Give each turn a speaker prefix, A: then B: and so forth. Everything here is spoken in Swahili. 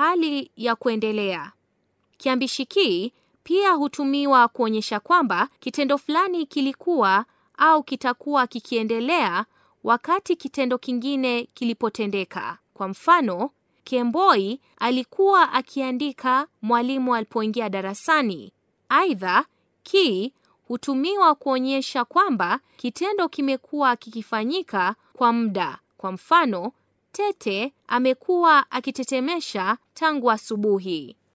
A: hali ya kuendelea. Kiambishi ki pia hutumiwa kuonyesha kwamba kitendo fulani kilikuwa au kitakuwa kikiendelea wakati kitendo kingine kilipotendeka. Kwa mfano, Kemboi alikuwa akiandika mwalimu alipoingia darasani. Aidha, ki hutumiwa kuonyesha kwamba kitendo kimekuwa kikifanyika kwa muda. Kwa mfano, Tete amekuwa akitetemesha tangu asubuhi.